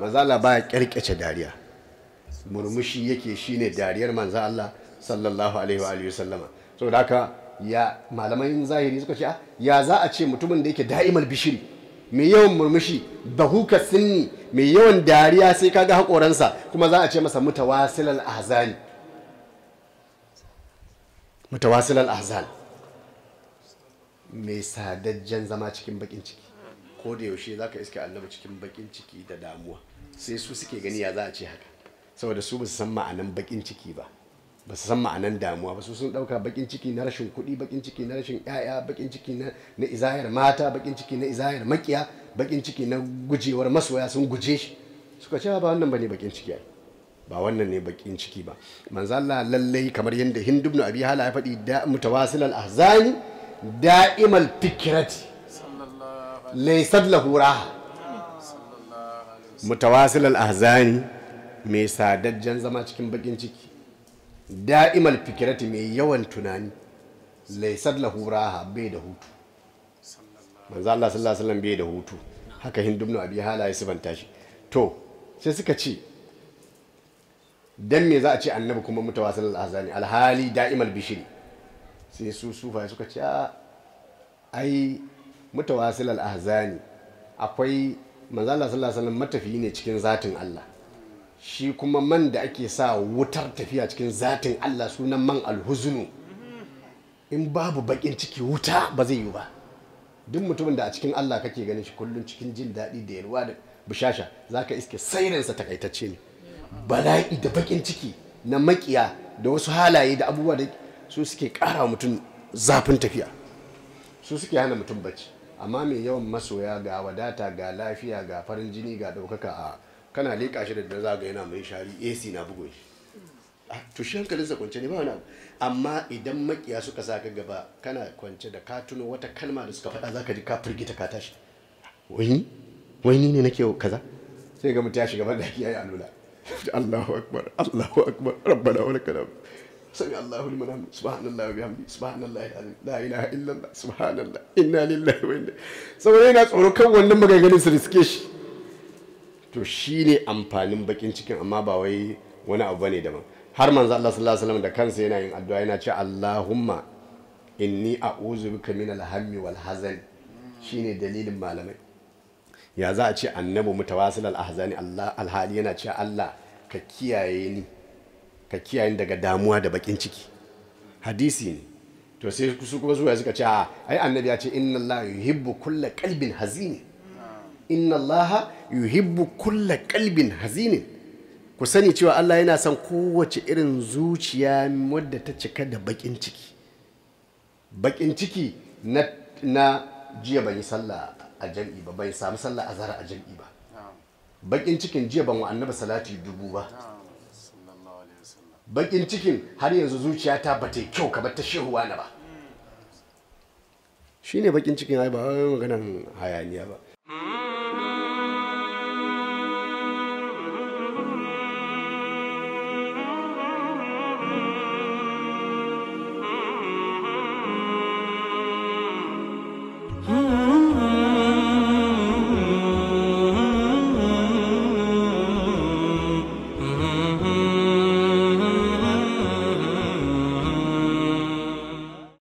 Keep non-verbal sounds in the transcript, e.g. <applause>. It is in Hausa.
mazala baya kyarkyace dariya murmushi yake shine dariyar manza Allah sallallahu alaihi wa alihi wasallama saboda haka ya malaman zahiri suka ce ah, ya za a ce mutumin da yake da'imal bishiri mai yawan murmushi bahuka sinni mai yawan dariya sai kaga haƙoransa kuma za a ce masa mutawasilal azali mutawasilal mai sadajjen zama cikin bakin ciki ko da yaushe zaka iska annabi cikin bakin ciki da damuwa sai su suke gani ya za a ce haka saboda su ba su san ma'anan bakin ciki ba ba su san ma'anan damuwa ba su sun dauka bakin ciki na rashin kuɗi bakin ciki na rashin ƴaƴa bakin ciki na izayar mata bakin ciki na izayar makiya bakin ciki na gujewar masoya sun guje shi suka ce ah, ba wannan bane bakin ciki ba wannan ne bakin ciki ba manzo Allah lallai kamar yadda Hindu ibn Abi Hala ya faɗi da mutawasilal ahzani da'imal fikrati laisar lahura mutawasil al'azani mai sadajjen zama cikin bakin ciki da'imal fikirati mai yawan tunani laisar lahura bai da hutu manzo Allah sallallahu alaihi wasallam bai da hutu haka hindum abi hala ya sibanta shi to sai suka ce dan me za a ce annabi kuma mutawasil al'azani alhali da'imal bishiri sai su sufa suka ce a ai mutawasil al-ahzani akwai manzo sallallahu matafiyi ne cikin zatin Allah shi kuma man da ake sa wutar tafiya cikin zatin Allah sunan man alhuzunu in babu bakin ciki wuta ba zai yi ba duk mutumin da a cikin Allah kake ganin shi kullum cikin jin daɗi da yalwa da bishasha ka iske sairinsa takaitacce ne bala'i da bakin ciki na makiya da wasu halaye da abubuwa da su suke ƙara mutum zafin tafiya su suke hana mutum bacci amma mai yawan masoya ga wadata ga lafiya ga farin jini ga ɗaukaka a kana leƙa shi da za ga yana mai shari ac na bugun shi tushe hankalin sa kwance ne ba wani amma idan makiya suka sa ka gaba kana kwance da ka tuno wata kalma da suka faɗa za ka ji ka firgita ka tashi wani wani ne nake kaza sai ga mutum ya shiga ban da ya yi alula <laughs> Allahu akbar Allahu akbar rabbana wa lakal hamd sami Allahu liman hamdu subhanallahi wa bihamdi subhanallahi alazim la ilaha الله subhanallah inna lillahi wa inna saboda yana tsoro kan wannan maganganun su riske shi to shine amfanin bakin cikin amma ba wai wani abu bane daban har manzo Allah sallallahu alaihi wasallam da kansa yana yin addu'a yana ce Allahumma inni a'udhu bika min al-hammi wal hazan shine dalilin malamai ya za a ce annabi mutawasil al-ahzani Allah alhali yana ce Allah ka kiyaye ni ka kiyaye daga damuwa da bakin ciki hadisi ne to sai su kuma zuwa suka ce ai annabi ya ce inna allaha yuhibbu kulla qalbin hazini inna yuhibbu kulla qalbin hazinin ku sani cewa Allah yana son kowace irin zuciya wadda ta cika da bakin ciki bakin ciki na, na jiya ban yi sallah a jam'i ba bai samu sallah a zara a jam'i ba bakin cikin jiya ban wa annabi salati dubu ba bakin cikin har yanzu zuciyata ba ta kyau kamar ta shehuwa na ba shine bakin cikin ai ba maganan hayaniya ba